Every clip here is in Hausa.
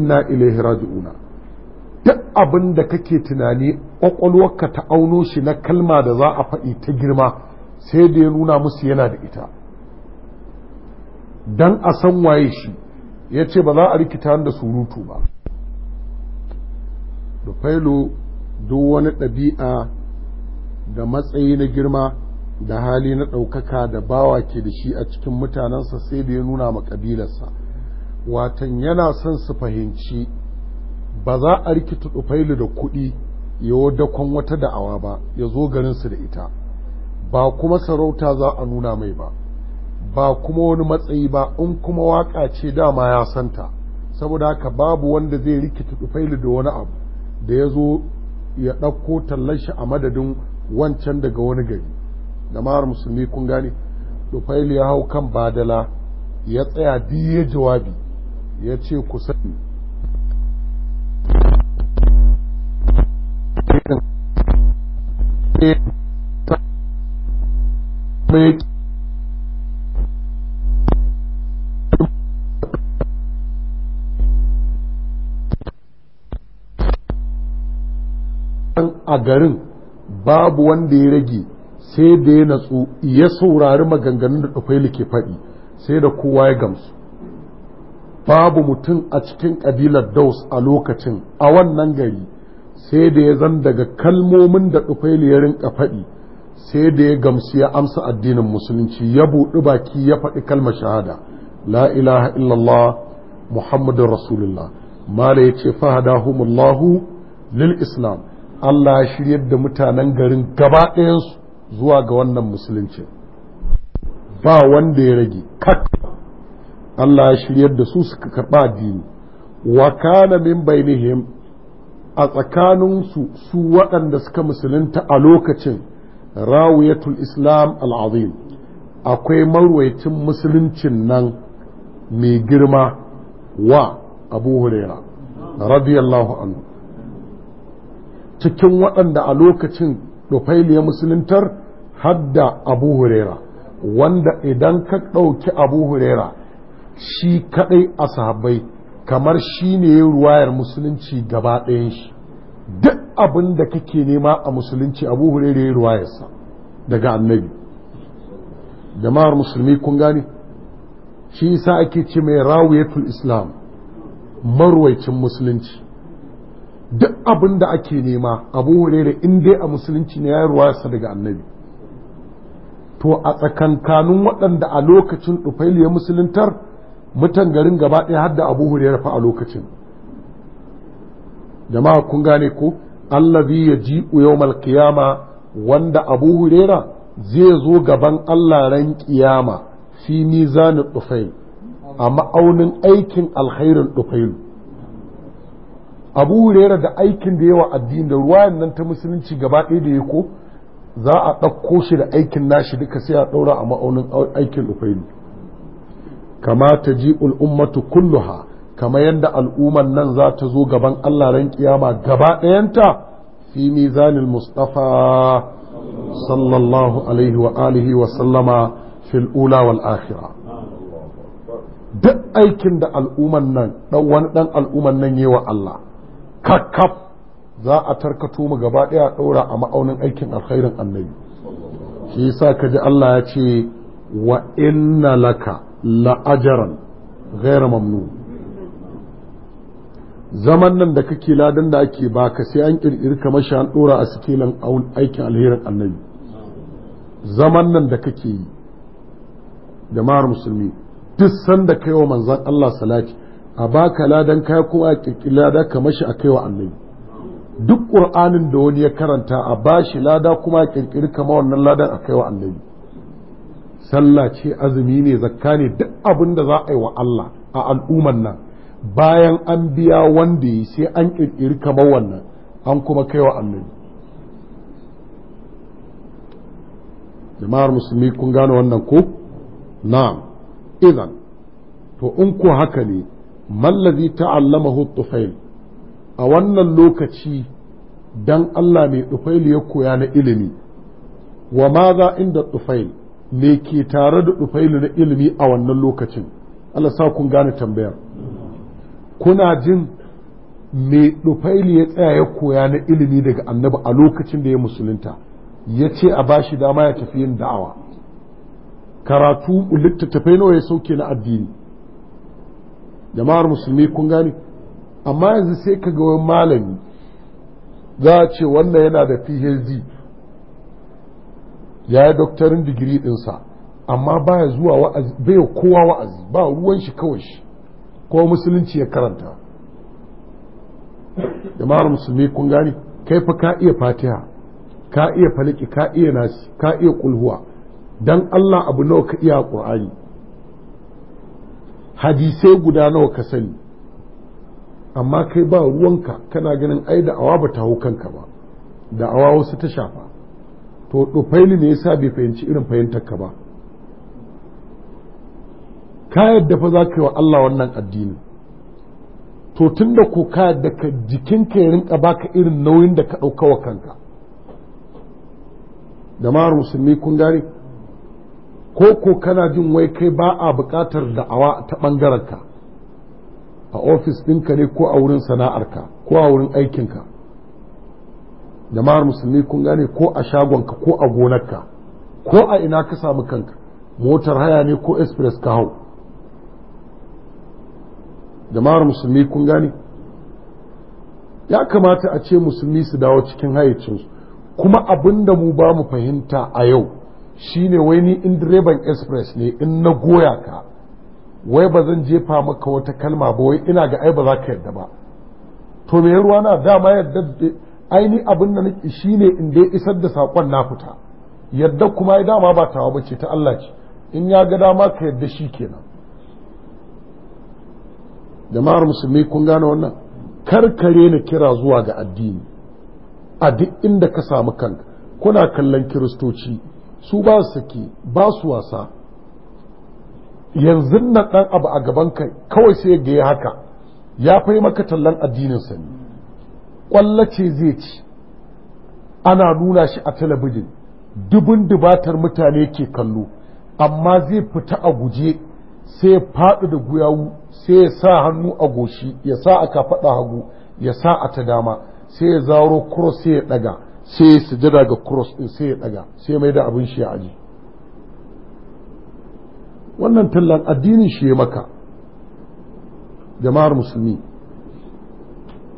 inna ilaihi raji'una duk abin da kake tunani kwakwalwarka ta auno shi na kalma da za a faɗi ta girma sai da ya nuna musu yana da ita dan a san waye shi ya ce ba za a rikita da surutu ba rufailu duk wani ɗabi'a da matsayi na girma da hali na ɗaukaka da bawa ke da shi a cikin mutanensa sai da ya nuna ma ƙabilarsa watan yana son su fahimci ba za a rikita Tufailu da kuɗi yawo dakon wata da'awa ba ya zo garinsu da ita ba kuma sarauta za a nuna mai ba ba kuma wani matsayi ba in kuma waka ce dama ya santa saboda haka babu wanda zai rikita tufailu da wani abu da ya zo ya ɗauko shi a madadin wancan daga wani gari da mara musulmi kun gane tufailu ya hau kan badala ya tsaya ya jawabi ya ce ku sani a garin babu wanda ya rage sai da ya natsu ya saurari maganganun da ɗafaili ke faɗi sai da kowa ya gamsu babu mutum a cikin ƙabilar daus a lokacin a wannan gari sai da ya zan daga kalmomin da ɗufaili ya rinka sai da ya gamsu ya amsa addinin musulunci ya buɗi baki ya faɗi kalmar shahada la ilaha illallah muhammadun rasulullah mala ya ce fahadahumullahu lil islam Allah ya shirya da mutanen garin gaba ɗayansu zuwa ga wannan musulunci ba wanda ya rage kak Allah ya shiryar da su suka karɓa addini wa kana min bainihim a tsakaninsu su waɗanda suka musulunta a lokacin rawiyatul islam al'azim akwai marwaicin musuluncin nan mai girma wa abu huraira radiyallahu anhu cikin waɗanda a lokacin ɗufaili ya musuluntar hadda abu huraira wanda idan ka ɗauki abu huraira shi kadai a sahabbai kamar shi ne ruwayar musulunci gaba ɗayan shi duk abin da kake nema a musulunci abu da ya ruwayarsa daga annabi jama'ar musulmi kun gane shi sa ake ce mai rawiyatul islam marwaicin musulunci duk abin da ake nema abu hurairu in dai a musulunci ne ya ruwayarsa daga annabi to a tsakankanin waɗanda a lokacin ɗufailiyar musuluntar mutan garin gaba ɗaya har da abu ya fa a lokacin jama'a kun gane ko bi ya ji yawmal Malkiyama wanda abu hurera zai zo gaban allah ran kiyama fi mizanin dufail a ma'aunin aikin alkhairin dufail abu hurera da aikin da yawa addini da ruwayan nan ta musulunci gaba ɗaya da ya ko za a ɗauko shi da aikin nashi duka sai a ɗaura a ma'aunin aikin dufail kama ta ji ummatu kulluha kama yadda al'umman nan za ta zo gaban Allah ran ƙiyama gaba ɗayanta fi mizanil mustafa sallallahu alaihi wa alihi wa sallama fil ula wal akhira duk aikin da al'umman nan ɗan wani dan al'umman nan yi wa Allah kakkaf za a tarkato mu gaba ɗaya ɗaura a ma'aunin aikin alkhairin annabi shi yasa ji Allah ya ce wa inna laka la'ajaran gaira mamnu zaman nan da kake ladan da ake baka sai an ƙirƙiri kamar an ɗora a sikilan aikin alherin annabi zaman nan da kake yi jama'ar musulmi duk sanda kai wa manzan Allah salati a baka ladan kai ko a ƙirƙiri lada kamar shi a kai annabi duk ƙur'anin da wani ya karanta a bashi lada kuma a ƙirƙiri kamar wannan ladan a kai annabi sallah ce azumi ne zakka ne duk abin da za a yi wa Allah a al'umman nan bayan an biya wanda yi sai an ƙirƙiri kamar wannan an kuma kai wa annabi jama'ar musulmi kun gane wannan ko na'am idan to in ko haka ne mallazi ta'allamahu tufail a wannan lokaci dan Allah mai tufail ya koya na ilimi wa maza inda tufail me ke tare da ɗufailu na ilimi a wannan lokacin Allah sa kun gane tambayar kuna jin me ɗufailu ya tsaya ya koya na ilimi daga annabi a lokacin da ya musulunta ya ce a bashi dama ya tafi yin da'awa karatu littattafai nawa ya sauke na addini jama'ar musulmi kun gane amma yanzu sai ka ga wani malami za a ce wannan yana da phd ya yi doktorin digiri ɗinsa amma baya zuwa wa'azi bai kowa wa'azi ba ruwan shi kawai shi ko musulunci ya karanta da jama'ar musulmi kun gani kai fa ka iya fatiha ka iya faliki ka iya nasi ka iya kulhuwa dan Allah abu nawa ka iya qur'ani hadisai guda nawa ka sani amma kai ba ruwanka kana ganin ai da awa ba ta hau kanka ba da awa wasu ta shafa to ɗufaili ne yasa bai fahimci irin fahimtar ka ba ka yadda fa za ka yi wa Allah wannan addini to tun da ko ka yadda ka jikinka ya rinka baka irin nauyin da ka ɗauka wa kanka ma musulmi kun gari, ko ko kana jin wai kai ba a buƙatar da'awa ta ka a ofis ɗinka ne ko a wurin sana'arka ko a wurin aikinka jama'ar musulmi kun gane ko a shagonka ko a gonarka ko a ina ka samu kanka motar haya ne ko express ka hau jama'ar musulmi kun gane ya kamata a ce musulmi su dawo cikin hayyacinsu kuma abin da mu ba mu fahimta a yau shine wai ni in direban express ne in na goya ka wai ba zan jefa maka wata kalma ba wai ina ga ai ba za ka yarda ba to me ruwa na dama yarda aini abin da nake ne in dai isar da sakon na fita yadda kuma ya dama ba tawa bace ta Allah ce in ya ga dama ka yadda shi kenan jama'ar musulmi kun gane wannan karkare na kira zuwa ga addini a duk inda ka samu kanka kuna kallon kiristoci su ba su sake ba su wasa yanzu nan ɗan abu a gaban kai kawai sai ga ya haka ya fai maka tallan addinin sani ce zai ci ana nuna shi a talabijin dubun dubatar mutane ke kallo amma zai fita a guje sai faɗi da guyawu sai ya sa hannu a goshi ya sa a kafaɗa hagu ya sa a ta dama sai ya zaro cross sai ya ɗaga sai ya sujada ga cross ɗin sai ya ɗaga sai mai da abin shi ya aji wannan tallan addinin shi ya maka jama'ar musulmi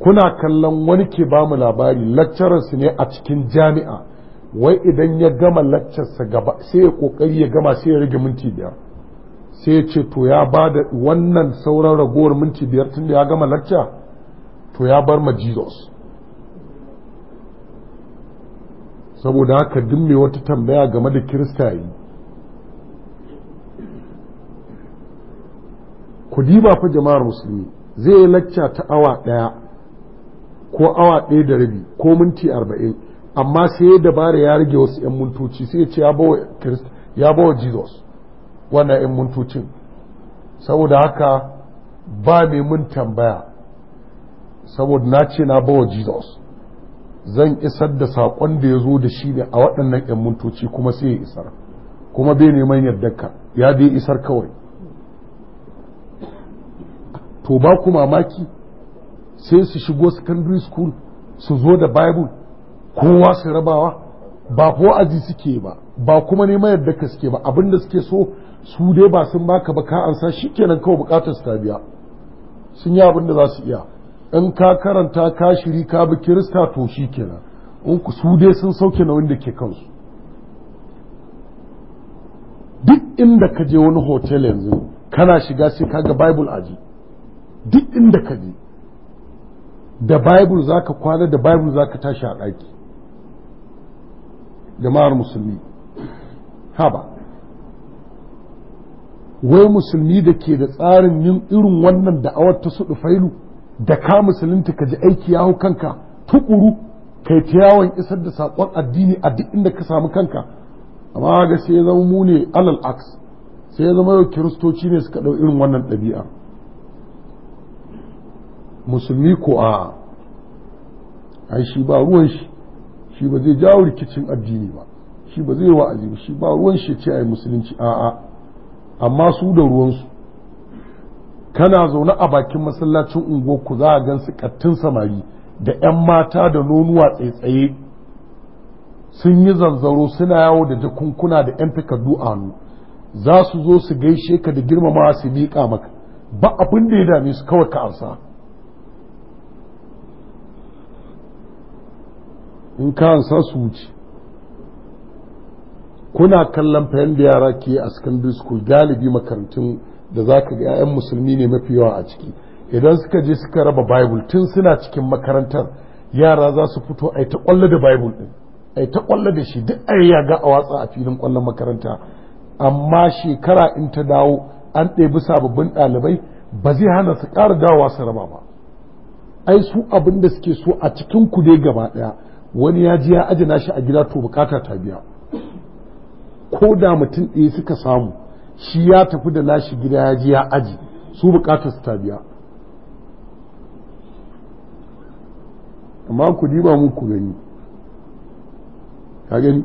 kuna kallon wani ke ba mu labari lecturers ne a cikin jami'a wai idan ya gama lecturesa gaba sai ya kokari ya gama sai ya rage minti biyar sai ya ce to ya ba da wannan sauran ragowar minti biyar tun da ya gama lecture to ya bar ma jesus saboda haka duk mai wata tambaya game da kirista yi ku diba fa jama'ar musulmi zai yi lacca ta awa ɗaya ko awa ɗaya da rabi ko minti arba'in amma sai ya dabara ya rage wasu 'yan mintoci sai ya ce ya bawa jesus wannan 'yan mintocin saboda haka ba mai mun tambaya saboda na ce na bawa jesus zan isar da saƙon da ya zo da shi ne a waɗannan 'yan mintoci kuma sai ya isar kuma bai neman yardarka ya dai isar kawai to ba ku mamaki sai su shigo secondary school su zo da bible kowa su rabawa ba ko aji suke ba ba kuma neman yadda ka suke ba abinda suke so su dai ba sun baka ba ka ansa shikenan kawai bukatar su ta biya sun yi abinda za su iya in ka karanta ka shiri ka bi kirista to shikenan in ku su dai sun sauke na wanda ke kansu duk inda ka je wani hotel yanzu kana shiga sai kaga bible aji duk inda ka je da bible za ka kwana da bible za ka tashi a ɗaki jama'ar musulmi haba wai musulmi da ke da tsarin yin irin wannan da da'awar ta su failu da ka musulunta ka ji aiki yahu kanka tukuru kai ta yawon isar da saƙon addini a duk inda ka samu kanka amma ga sai zama mu ne alal aks sai ya zama yau kiristoci ne suka ɗau irin wannan ɗabi'a musulmi ko a ai shi ba ruwan shi shi ba zai jawo rikicin addini ba shi ba zai wa'azi ba shi ba ruwan shi ce ai musulunci 'a amma su da ruwansu kana zaune a bakin masallacin unguwarku za a gan su kattun samari da 'yan mata da nonuwa tsaitsaye sun yi zanzaro suna yawo da jakunkuna da 'yan takardu a hannu za su zo su gaishe ka da girmamawa su miƙa maka ba abin da ya dame su kawai ka amsa in ka sa su wuce kuna kallon fayan da yara ke a secondary school galibi makarantun da za ka ga 'ya'yan musulmi ne mafi yawa a ciki idan suka je suka raba bible tun suna cikin makarantar yara za su fito a yi ta kwallo da bible din a yi ta kwallo da shi duk a ya ga a watsa a filin kwallon makaranta amma shekara in ta dawo an ɗebi sababbin ɗalibai ba zai hana su ƙara dawowa su raba ba ai su abin da suke so a cikin ku dai gaba ɗaya wani ya ji ya ajina nashi a gida to bukata ta biya ko da mutum ɗaya suka samu shi ya tafi da nashi gida ya ji ya aji su bukatar su ta biya amma ku diba mu ku gani ka gani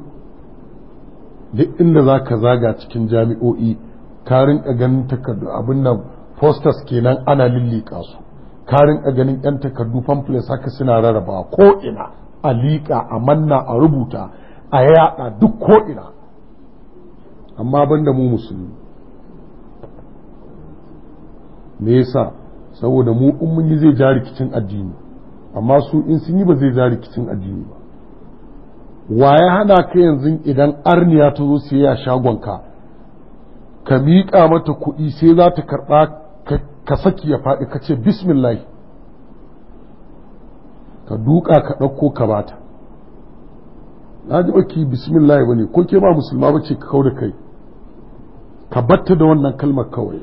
duk inda za ka zaga cikin jami'o'i karin a ganin takardu abin nan ke kenan ana lillika su karin a ganin 'yan takardu pamphlets haka suna rarraba ko ina a liƙa a manna a rubuta a yaɗa duk ko'ina amma banda mu musulmi me yasa saboda mu in mun yi zai ja rikicin addini amma su in sun yi ba zai ja rikicin addini ba wa ya hana ka yanzu idan arniya ta zo siya a shagon ka Ka miƙa mata kuɗi sai za ta karɓa ka saki ya faɗi ka ce bismillah ka duka ka ɗauko ka bata na ji baki bismillah ne ko ke ba musulma bace ka kau da kai ka batta da wannan kalmar kawai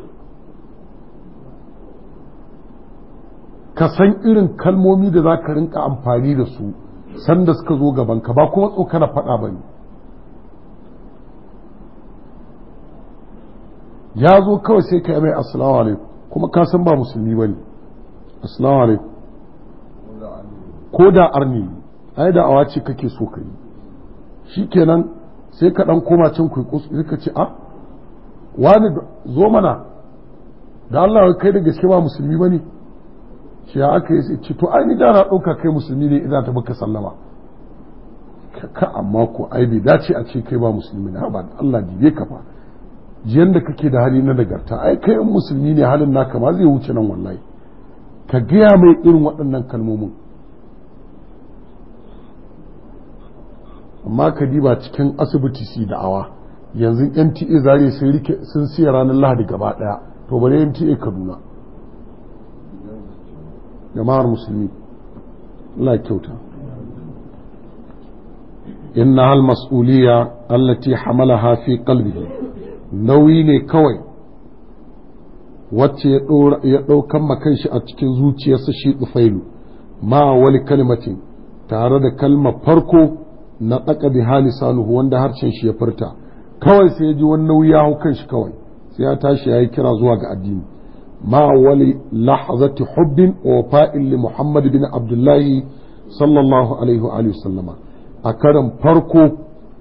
ka san irin kalmomi da za ka rinka amfani da su sanda suka zo gaban ka ba kuma tsokana faɗa ba ne ya zo kawai sai ka yi mai asalawa alaikum kuma ka san ba musulmi ba ne assalamu alaikum ko da arni ai da awa ce kake so ka yi shikenan sai ka dan koma can kuikus ka ce a ah, wani zo mana da Allah kai da gaske ba musulmi bane shi ya aka yi ce to ai ni da na dauka kai musulmi ne idan ta baka sallama ka amma ko ai bai dace a ce kai ba musulmi ne ba Allah dibe ka fa jiyan da kake da hali na nagarta ai kai musulmi ne halin naka ma zai wuce nan wallahi ka gaya mai irin waɗannan kalmomin amma ka diba cikin asibiti su da'awa yanzu nta zare sun siya ranar lahadi gaba daya to bare nta kaduna jama'ar musulmi Allah kyauta inna hal mas'uliya allati hamalaha fi qalbihi nauyi ne kawai wacce ya ɗaukan kan shi a cikin zuciyarsa shi tufailu ma wani kalmatin tare da kalmar farko na ɗaka bi halisanuhu wanda harshen shi ya furta kawai sai ya ji wani nauyi ya kan shi kawai sai ya tashi ya yi kira zuwa ga addini ma wali lahazati hubbin wa fa'il li muhammad bin abdullahi sallallahu alaihi wa sallama a karan farko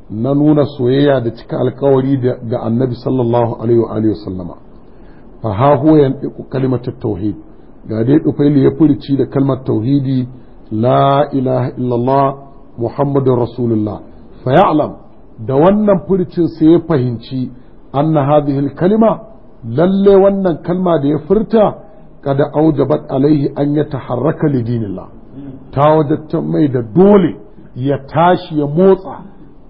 na nuna soyayya da cika alkawari ga annabi sallallahu alaihi wa sallama fa ha huwa yantiqu kalimatu tauhid ga dai dufaili ya furici da kalmar tauhidi la ilaha illallah muhammadun rasulullah فيعلم da wannan furcin sai ya fahimci anna hadhihi kalima lalle wannan kalma da ya furta kada aujabat alaihi an ya taharraka dinillah ta wajatta mai da dole ya tashi ya motsa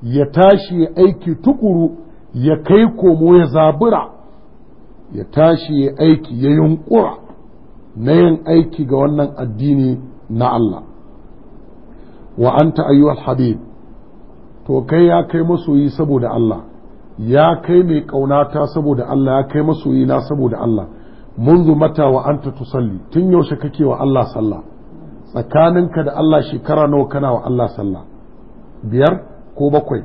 ya tashi ya aiki tukuru ya kai komo ya zabura ya tashi ya aiki ya yunkura na yin aiki ga wannan addini na Allah wa anta ayyuhal habib to kai ya kai masoyi saboda Allah ya kai mai kaunata saboda Allah ya kai masoyi na saboda Allah anta tusalli tun yaushe kake wa Allah sallah tsakaninka da Allah shekara nawa kana wa Allah sallah biyar ko bakwai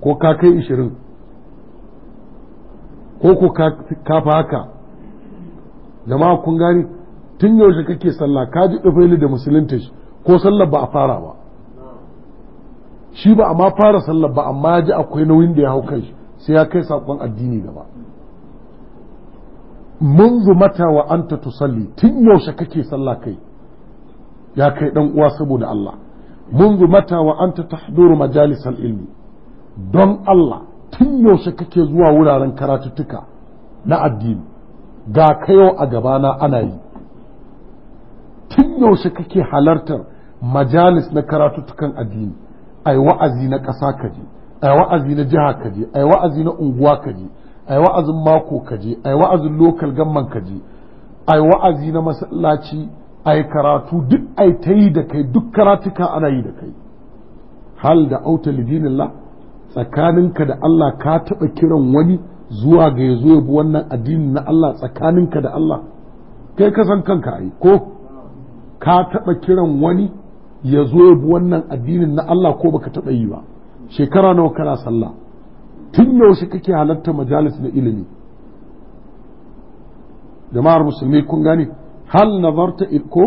ko ka kai ishirin ko ko ka fa haka jama'a kun gani tun yaushe kake sallah ka ji da musulunta shi ko sallar ba a fara ba shi ba amma fara sallar ba amma ya ji akwai nauyin da ya hau kai sai ya kai sakon addini gaba munzu mata wa anta tusalli tun yaushe kake sallah kai ya kai dan uwa saboda Allah munzu mata wa anta tahduru majalisal ilmi don Allah tun yaushe kake zuwa wuraren karatutuka na addini ga kayo a gabana ana yi tun yaushe kake halartar majalis na karatuttukan addini ai wa'azi na ƙasa kaje, ai wa'azi na jiha kaje, ai wa'azi na unguwa kaje, je ai wa'azin mako kaje, ai wa'azin lokal gamman ka ai wa'azi na masallaci ai karatu duk ai ta yi da kai duk karatuka ana yi da kai hal da auta lidinillah tsakaninka da Allah ka taɓa kiran wani zuwa ga ya zo ya bi wannan addini na Allah tsakaninka da Allah kai ka kanka ai ko ka taɓa kiran wani ya zo ya bi wannan addinin na Allah ko baka taɓa yi ba shekara nawa kana sallah tun yaushe kake halarta majalis na ilimi jama'ar musulmi kun gane hal nazarta ko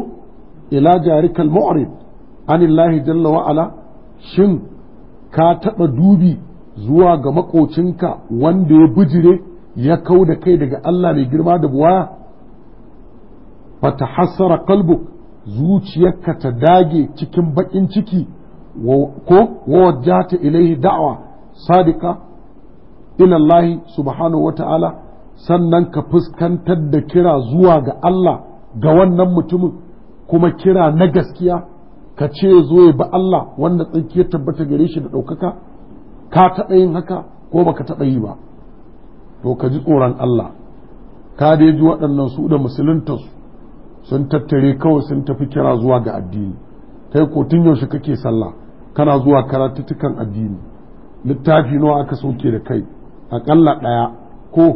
ila jarikal mu'rid anillahi jalla wa ala shin ka taɓa dubi zuwa ga makocinka wanda ya bijire ya kau da kai daga Allah mai girma da buwaya fata hasara kalbuk zuciyarka ta dage cikin baƙin ciki ko wajata ilaihi da'wa sadika ilallahi subhanahu wa ta'ala sannan ka fuskantar da kira zuwa ga Allah ga wannan mutumin kuma kira na gaskiya ka ce zo ya ba Allah wanda tsinke tabbata gare shi da ɗaukaka ka taɓa yin haka ko baka taɓa yi ba to ka ji tsoron Allah ka dai ji waɗannan su da musuluntarsu sun tattare kawai sun tafi kira zuwa ga addini kai ko tun yaushe kake sallah kana zuwa karatuttukan addini littafi nawa aka sauke da kai kalla ɗaya ko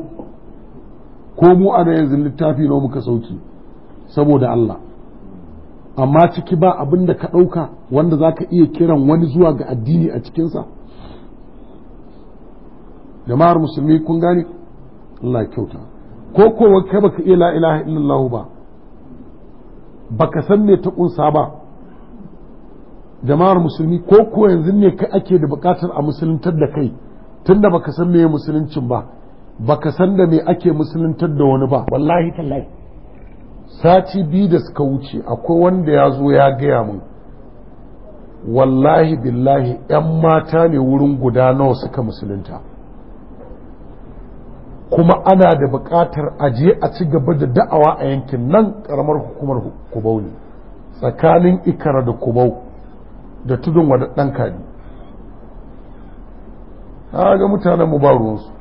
ko mu a da yanzu littafi nawa muka sauke saboda Allah amma ciki ba abin da ka ɗauka wanda zaka iya kiran wani zuwa ga addini a cikinsa jama'ar musulmi kun gane Allah kyauta ko kowa baka iya la ilaha illallah ba baka san me ta kunsa ba jama'ar musulmi ko ko yanzu ne kai ake da bukatar a musuluntar da kai tunda baka san me musuluncin ba baka san da me ake musuluntar da wani ba wallahi tallahi sati biyu da suka wuce akwai wanda ya zo ya gaya min wallahi billahi 'yan mata ne wurin guda nawa suka musulunta kuma ana da buƙatar aje a ci gaba da da'awa a yankin nan ƙaramar hukumar kubau ne tsakanin ikara da kubau da tudun wada ɗan A ga mutanen mu ba ruwansu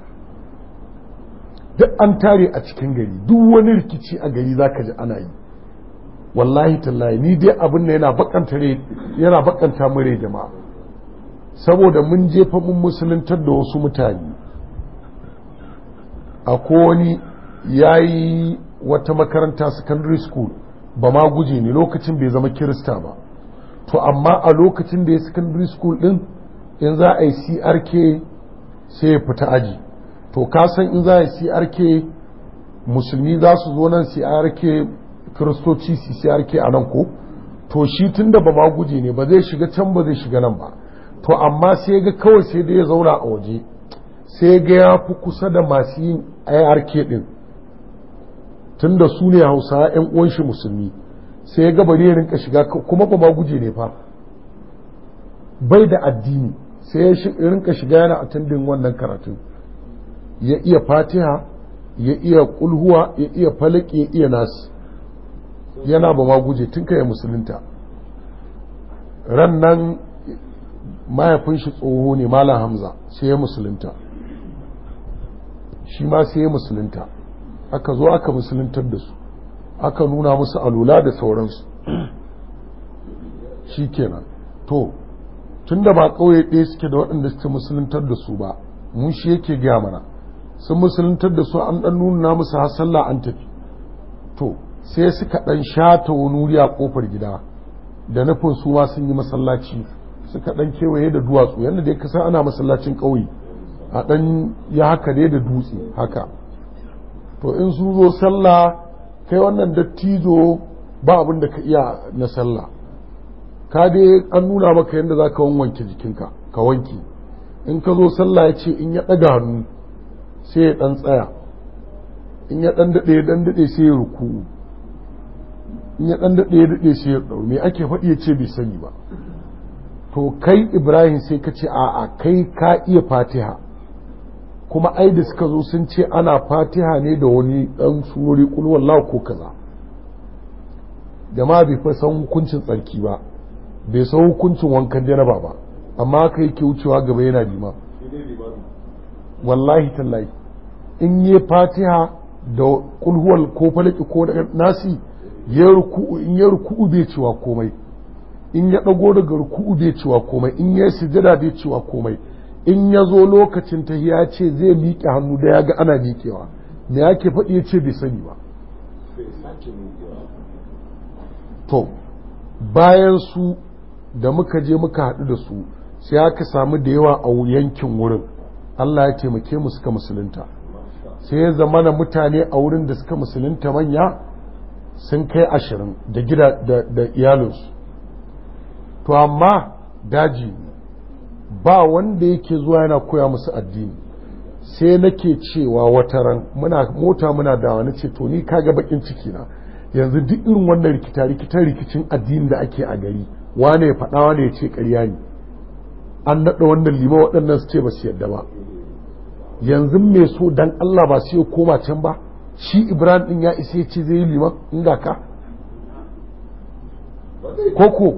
duk an tare a cikin gari duk wani rikici a gari za ka ji ana yi wallahi tallahi ni dai abin da yana bakanta mure jama'a saboda mun jefa mun musuluntar da wasu mutane a wani ya yi wata makaranta secondary school ba ma guje ne lokacin bai zama kirista ba to amma a lokacin da ya secondary school din in za a yi crk sai ya fita aji to kasan in za a yi crk musulmi za su zo nan crk kiristoci su crk a nan ko to shi tun da ba ma guje ne ba zai shiga can ba zai shiga nan ba to amma sai ga kawai sai da ya zauna a waje sai ga ya fi kusa da masu yin ARK din tun da su ne hausa 'yan uwanshi musulmi sai ya gabari ya rinka shiga kuma ba guje ne fa bai da addini sai ya rinka shiga yana a tundin wannan karatun ya iya fatiha ya iya kulhuwa ya iya falik ya iya nasi yana ba guje tun kai musulunta ran nan mahaifin shi tsoho ne malam hamza sai ya musulunta shi ma sai ya musulunta aka zo aka musuluntar da su aka nuna musu alula da sauransu shi kenan to tun da ba kauye ɗaya suke da waɗanda suke musuluntar da su ba mun shi yake gaya mana sun musuluntar da su an ɗan nuna musu hasalla an tafi to sai suka ɗan shata wani wuri a ƙofar gida da nufin su ma sun yi masallaci suka ɗan kewaye da duwatsu yadda dai ka ana masallacin ƙauye a ɗan ya haka ne da dutse haka to in su zo sallah kai wannan dattijo ba abin ka iya na sallah ka dai an nuna maka yadda za ka wanke jikinka ka wanke in ka zo sallah ya ce in ya ɗaga hannu sai ya ɗan tsaya in ya ɗan daɗe ya ɗan daɗe sai ya ruku in ya ɗan daɗe ya daɗe sai ya ɗau me ake faɗi ya ce bai sani ba to kai ibrahim sai ka ce a'a kai ka iya fatiha kuma ai da suka zo sun ce ana fatiha ne da wani ɗan surori kulwallahu ko kaza jama'a bai fa san hukuncin tsarki ba bai san hukuncin wankan janaba ba amma kai ke wucewa gaba yana ma wallahi tallahi in yi fatiha da kulhuwal ko falaki ko da nasi ya ruku, in ya ruku bai cewa komai in ya dago daga ruku bai cewa komai in ya sujada bai cewa komai in ya zo lokacin ta ya ce zai miƙe hannu da ya ga ana miƙewa da ya ke faɗi ya ce bai sani ba to bayan su da muka je muka haɗu da su sai aka samu da yawa a yankin wurin Allah ya taimake mu suka musulunta sai ya zama na mutane a wurin da suka musulunta manya sun kai ashirin da gida da iyalinsu to amma daji ba wanda yake zuwa yana koya musu addini sai nake cewa wataran muna mota muna dawa na ce to ni kaga bakin ciki na yanzu duk irin wannan rikita rikitan rikicin addini da ake a gari wane ya faɗa wane ya ce ƙarya ne an naɗa wannan lima waɗannan su ce ba su yadda ba yanzu mai so dan Allah ba su yi koma can ba shi Ibrahim ɗin ya isa ya ce zai yi liman in ka koko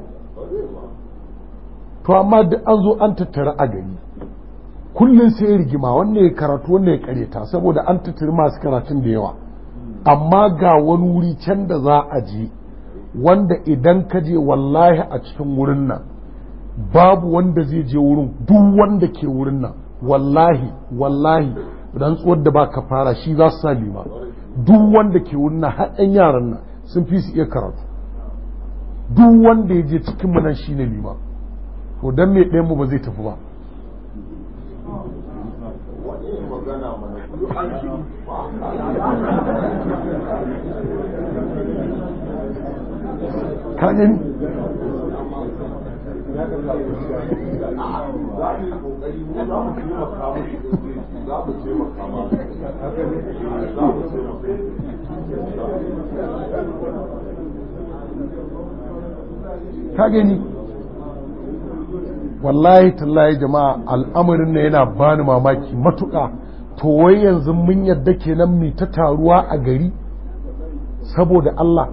to amma da an zo an tattara a gari kullum sai rigima wannan ya karatu wannan ya kareta saboda an tattara masu karatun da yawa amma ga wani wuri can da za a je wanda idan ka je wallahi a cikin wurin nan babu wanda zai je wurin duk wanda ke wurin nan wallahi wallahi rantsuwar da ba ka fara shi za su sa lima duk wanda ke wurin nan haɗin yaran nan sun fi su iya karatu duk wanda ya je cikin nan shi ne lima to don me ɗayan mu ba zai tafi ba kanin ka gani wallahi tallahi jama'a al'amarin na yana bani mamaki matuƙa to wai yanzu mun yadda kenan mai ta taruwa a gari saboda Allah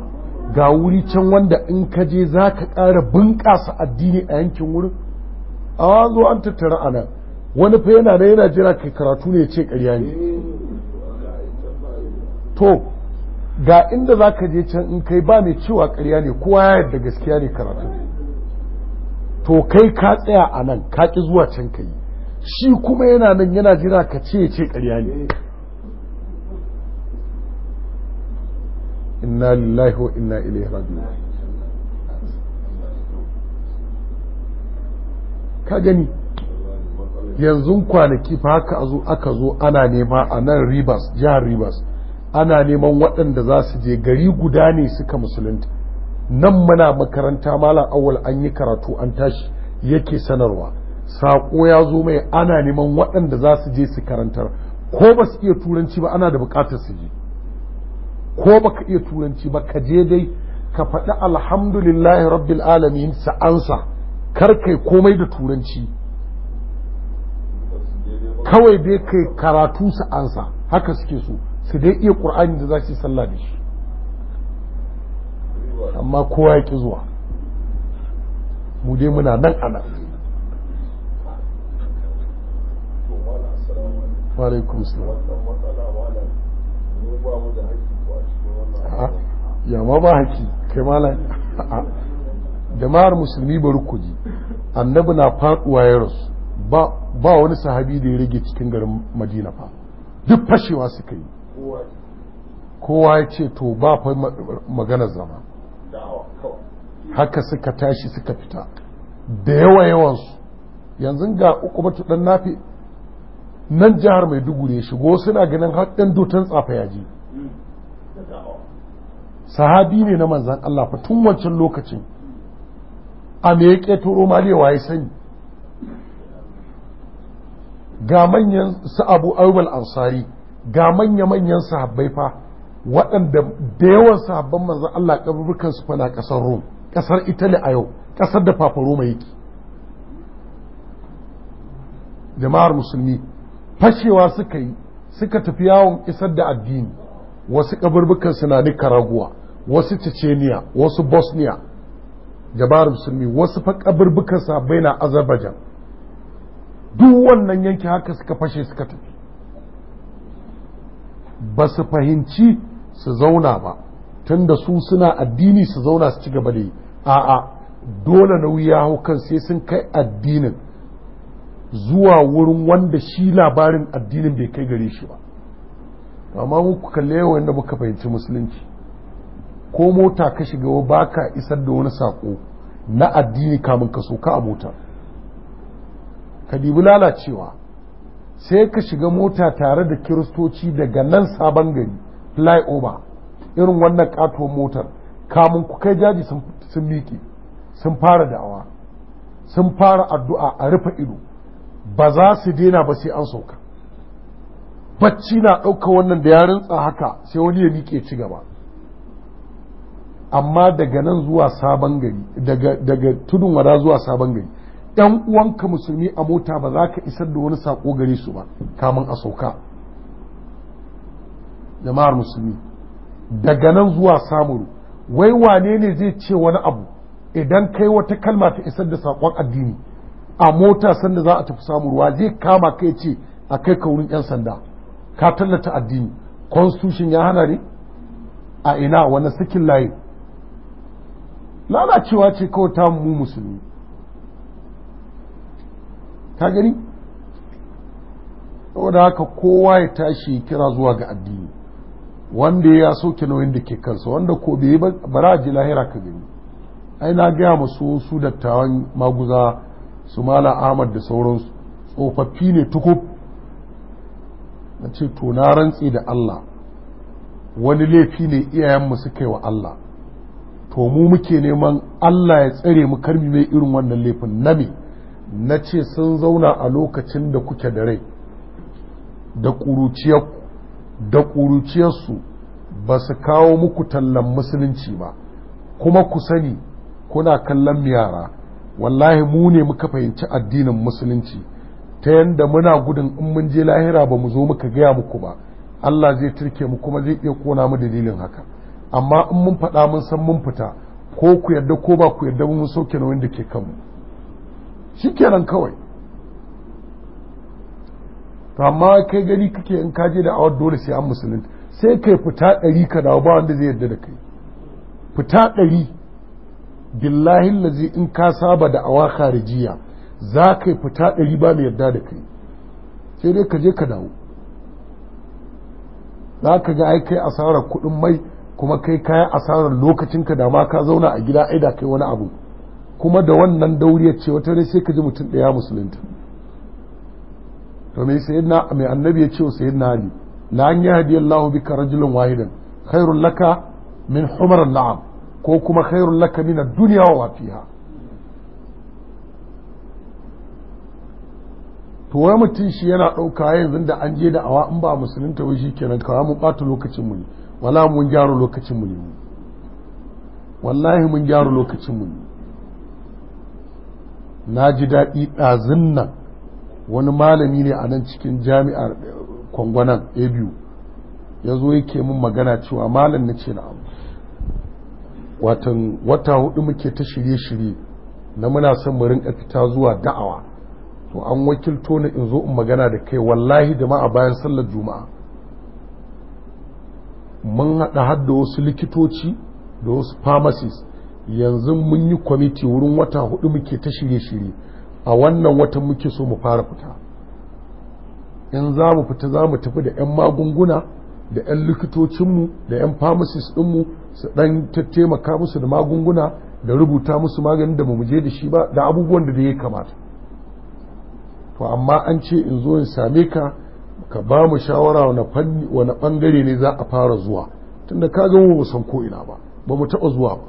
ga wuri can wanda in ka je za ka ƙara bunƙasa addini a yankin wurin a zo an tattara a nan wani fa yana da yana jira kai karatu ne ce ƙarya ne to ga inda za ka je can in kai ba mai cewa ƙarya ne kowa ya yarda gaskiya ne karatu to kai ka tsaya a nan ka ƙi zuwa can ka yi shi kuma yana nan yana jira ka ce ce ƙarya ne inna lillahi wa inna ilaihi raji'un ka gani yanzu kwanaki fa haka a zo aka zo ana nema a nan rivers jihar rivers ana neman waɗanda za su je gari guda ne suka musulunta nan muna makaranta malam awal an yi karatu an tashi yake sanarwa saƙo ya zo mai ana neman waɗanda za su je su karantar ko ba su iya turanci ba ana da buƙatar su je ko ba ka iya turanci ba ka je dai ka faɗi alhamdulillahi rabbil alamin ansa kar kai komai da turanci kawai dai kai karatu ansa haka suke so su dai iya ƙur'ani da za su yi sallah da shi amma kowa ya ki zuwa mu dai muna nan ana alaikum ya ma ba haki kai malam jama'ar musulmi bari ku ji annabi na faɗuwa ya rasu ba wani sahabi da ya rage cikin garin madina ba duk fashewa suka yi kowa ya ce to ba fa magana zama haka suka tashi suka fita da yawa yawansu yanzu ga uku batu dan nafi nan jihar maiduguri ne shigo suna ganin har dan dutan tsafa ya sahabi ne na manzan Allah fa tun wancan lokacin a me ya ƙetoro ya sani ga manyan su abu ayyubal ansari ga manya-manyan sahabbai fa waɗanda da yawan sahabban manzan Allah ƙabarurkan su fana kasar Rome kasar italy a yau kasar da fafaroma yake jama'ar musulmi fashewa suka yi suka tafi yawon isar da addini wasu kaburbukan suna nicaragua wasu chechenia wasu bosnia jama'ar musulmi wasu fa kaburbukan bai na azerbaijan duk wannan yanki haka suka fashe suka tafi ba su fahimci su zauna ba tunda su suna addini su zauna su ci gaba da yi a'a dole na wuya hau kan sai sun kai addinin zuwa wurin wanda shi labarin addinin bai kai gare shi ba amma muku kalle yawan da muka fahimci musulunci ko mota ka shiga ba ka isar da wani sako na addini kamun ka soka a mota ka dibi lalacewa sai ka shiga mota tare da kiristoci daga nan sabon gari flyover irin wannan katuwar motar kamun ku kai jaji sun miƙe sun fara da'awa sun fara addu'a a rufe ido ba za su daina ba sai an sauka bacci na ɗauka wannan da ya rintsa haka sai wani ya miƙe ci gaba amma daga nan zuwa sabon gari daga tudun wada zuwa sabon gari yan uwanka musulmi a mota ba za ka isar da wani saƙo gare su ba kamun a sauka jama'ar musulmi daga nan zuwa samuru wai wane ne zai ce wani abu idan kai wata kalma ta isar da saƙon addini a mota sanda za a tafi samurwa zai kama kai ce a kai ka wurin 'yan sanda ka tallata addini constitution ya hana ne a ina wani sakin layi lalacewa ce kawai ta mu musulmi ta gani da haka kowa ya tashi kira zuwa ga addini wanda ya soke nauyin da ke kansa wanda ko bai bara ji lahira ka gani ai na gaya masu su dattawan maguza su mala ahmad da sauransu tsofaffi ne tukub na ce to na rantse da allah wani laifi ne iyayenmu suka yi wa allah to mu muke neman allah ya tsare mu karbi mai irin wannan laifin na me na ce sun zauna a lokacin da kuke da rai da ƙuruciyarku da ƙuruciyarsu ba su kawo muku tallan musulunci ba kuma ku sani kuna kallon yara wallahi mu ne muka fahimci addinin musulunci ta yadda muna gudun in mun je lahira ba mu zo muka gaya muku ba Allah zai turke mu kuma zai iya kona mu dalilin haka amma in mun faɗa mun san mun fita ko ku yarda ko ba ku yarda mun sauke na wanda ke kanmu shikenan kawai to amma kai gani kake in ka je da awar dole sai an musulun sai kai fita ɗari ka dawo ba wanda zai yarda da kai fita ɗari billahi lazi in ka saba da awa kharijiya za ka fita ɗari ba mai yarda da kai sai dai ka je ka dawo za ka ga ai kai asarar kuɗin mai kuma kai kayan asarar lokacin ka da ma ka zauna a gida ai da kai wani abu kuma da wannan dauriyar ce wata ne sai ka ji mutum ɗaya musulunta to mai sayyidina mai annabi ya ce wa sayyidina ali la an yahdi Allah bika rajulan wahidan khairul laka min humar na'am ko kuma khairul laka min ad-dunya wa fiha to wai mutum shi yana ɗauka yanzu da an je da awa in ba musulunta wai shi kenan kawai mun ɓata lokacin mu ne wala mun gyara lokacin mu ne wallahi mun gyara lokacin mu ne na ji daɗi ɗazin nan wani malami ne a nan cikin jami'ar kwangwanan abu ya zo yake mun magana cewa malam na ce na'am watan wata hudu muke ta shirye-shirye na muna son mu rinka fita zuwa da'awa to an wakilto ni in zo in magana da kai wallahi da ma a bayan sallar juma'a mun haɗa har da wasu likitoci da wasu pharmacies yanzu mun yi kwamiti wurin wata hudu muke ta shirye-shirye a wannan watan muke so mu fara fita in za mu fita za mu tafi da 'yan magunguna da 'yan likitocinmu da 'yan pharmacies ɗinmu su ɗan taimaka musu da magunguna da rubuta musu maganin da mu je da shi ba da abubuwan da ya kamata to amma an ce in zo in same ka ka ba mu shawara wani ɓangare ne za a fara zuwa tunda ka ga mu san ko ina ba ba mu taɓa zuwa ba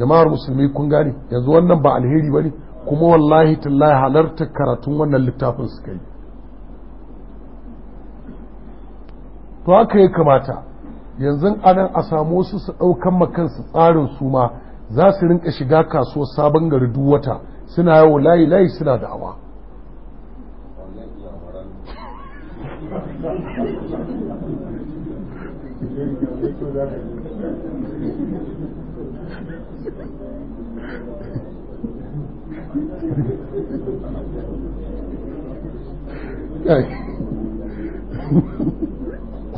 jama'ar musulmi kun gane yanzu wannan ba alheri ba ne kuma wallahi tallahi halarta karatun wannan littafin suka yi to haka ya kamata yanzu anan a samu wasu su ɗaukan makansu tsarin su ma za su rinka shiga kasuwar sabon gari duk wata suna yawo layi layi suna da awa.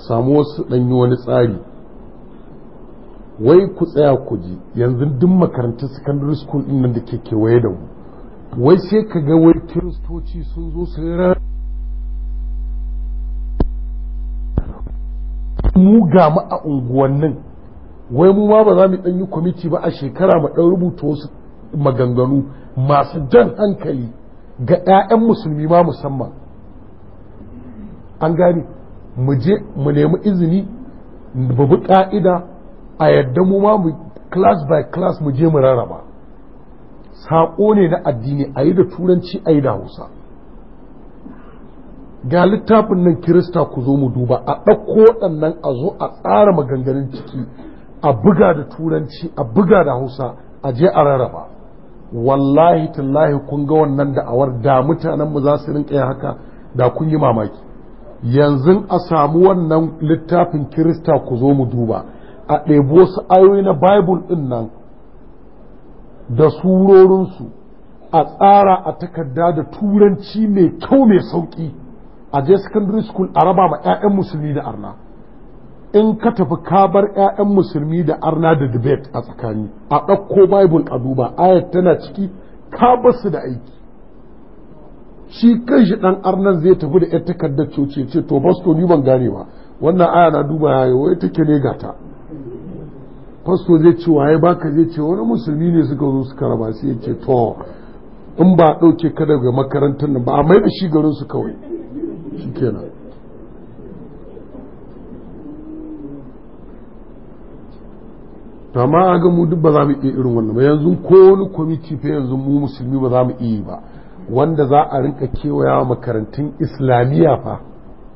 samu wasu ɗanyi wani tsari wai ku tsaya ku ji yanzu duk makarantar secondary school ɗin nan da ke kewaye da mu wai sai ka ga wai kiristoci sun zo su mu ga mu a unguwannin wai mu ma ba za mu ɗan yi kwamiti ba a shekara mu ɗan rubuta wasu maganganu masu jan hankali ga 'ya'yan musulmi ma musamman an gane mu je mu nemi izini mu bi ƙa'ida a yadda mu ma mu class by class mu je mu rarraba saƙo ne na addini a yi da turanci a yi da hausa ga littafin nan kirista ku zo mu duba a ɗauko waɗannan a zo a tsara maganganun ciki a buga da turanci a buga da hausa a je a rarraba wallahi tallahi kun ga wannan da'awar da mutanenmu za su rinka yin haka da kun yi mamaki yanzu a samu wannan littafin kirista ku zo mu duba a ɗebo wasu ayoyi na bible ɗin nan da surorinsu a tsara a takarda da turanci mai kyau mai sauƙi a je secondary school a raba ma 'ya'yan musulmi da arna in ka tafi ka bar 'ya'yan musulmi da arna da debate a tsakani a ɗauko bible a duba ayat tana ciki ka basu da aiki shi kan shi ɗan arnan zai tafi da ƴan takardar coci ce to basto ni ban gane ba wannan aya na duba ya yi wai take ne gata fasto zai ce waye baka zai ce wani musulmi ne suka zo suka raba sai ya ce to in ba ɗauke ka daga makarantar nan ba a mai da shi garin su kawai shikenan to amma a ga mu duk ba za mu iya irin wannan ba yanzu ko wani kwamiti fa yanzu mu musulmi ba za mu iya ba wanda za a rinka kewaya wa makarantun islamiyya fa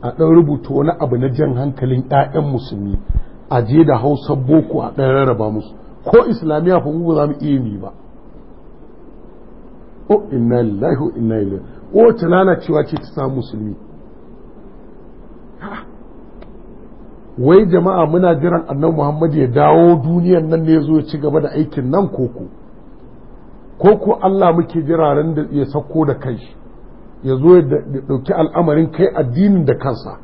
a ɗan rubuta wani abu na jan hankalin 'ya'yan musulmi a je da hausa boko a ɗan rarraba musu ko islamiyya fa mu ba za mu iya ni ba o inna lillahi wa inna ilaihi o ta cewa ce ta samu musulmi wai jama'a muna jiran annan muhammad ya dawo duniyan nan ne zo ya ci gaba da aikin nan koko koko allah muke jira ran da ya sako da kai ya zo ya ɗauki al'amarin kai addinin da kansa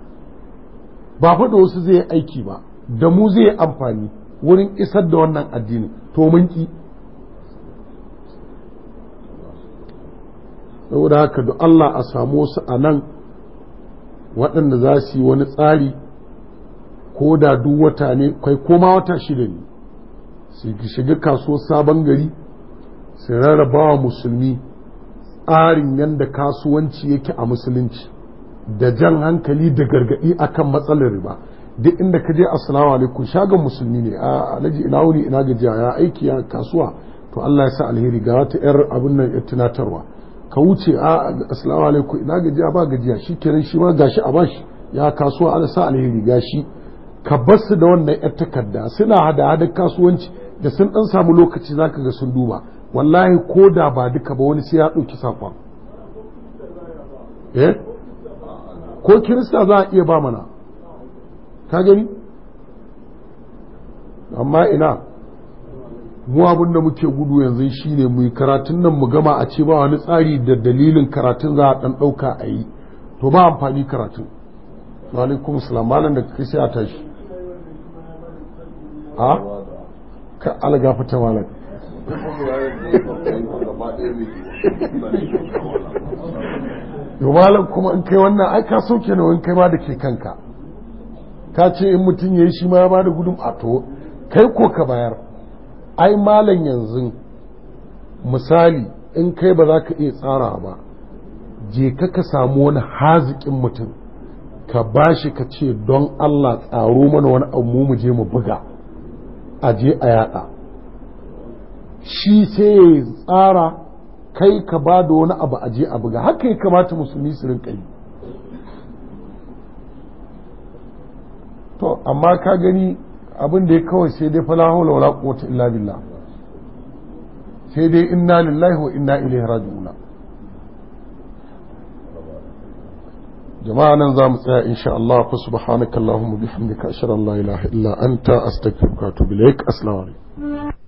ba faɗa wasu zai yi aiki ba da mu zai yi amfani wurin isar da wannan addinin to mun ki saboda haka da allah a samu wasu a nan waɗanda za su yi wani tsari ko da duk wata ne kai koma wata shida ne su shiga kasuwar sabon gari su rarraba wa musulmi tsarin yadda kasuwanci yake a musulunci da jan hankali da gargaɗi akan matsalar riba duk inda ka je assalamu alaikum shagon musulmi ne a ah, alaji ina wuni ina gajiya ya aiki ya kasuwa to Allah ya sa alheri ga wata yar abin nan yar tunatarwa ka wuce a ah, assalamu alaikum ina gajiya ba gajiya shi kenan shi ma gashi a bashi ya kasuwa Allah sa alheri gashi ka basu da wannan yar takarda suna hada hada kasuwanci da sun dan samu lokaci zaka ga sun duba wallahi ko da ba duka ba wani sai ya ɗauki eh ko kirista za a iya ba mana ka gani amma ina mu abin da muke gudu yanzu shine mu yi karatun nan mu gama a ce ba wani tsari da dalilin karatun za a dan dauka a yi to ba amfani karatun wa alaikum salam malam da kai sai a tashi a ka algafa ta malam malam kuma in kai wannan ai ka soke nawa in kai ma da ke kanka ka ce in mutum ya yi shi ma ya ba da gudun ato kai ko ka bayar ai malam yanzu misali in kai ba za ka iya tsara ba je ka ka samu wani haziƙin mutum ka bashi ka ce don Allah tsaro mana wani abu mu je mu buga a je a yada shi sai ya tsara kai ka ba da wani abu a je a buga haka ya kamata musulmi su rinka yi to amma ka gani abin da ya kawai sai dai fala hawla wala quwwata illa billah sai dai inna lillahi wa inna ilaihi raji'un jama'a nan za mu tsaya insha Allah ku subhanakallahumma bihamdika ashhadu an la ilaha illa anta astaghfiruka wa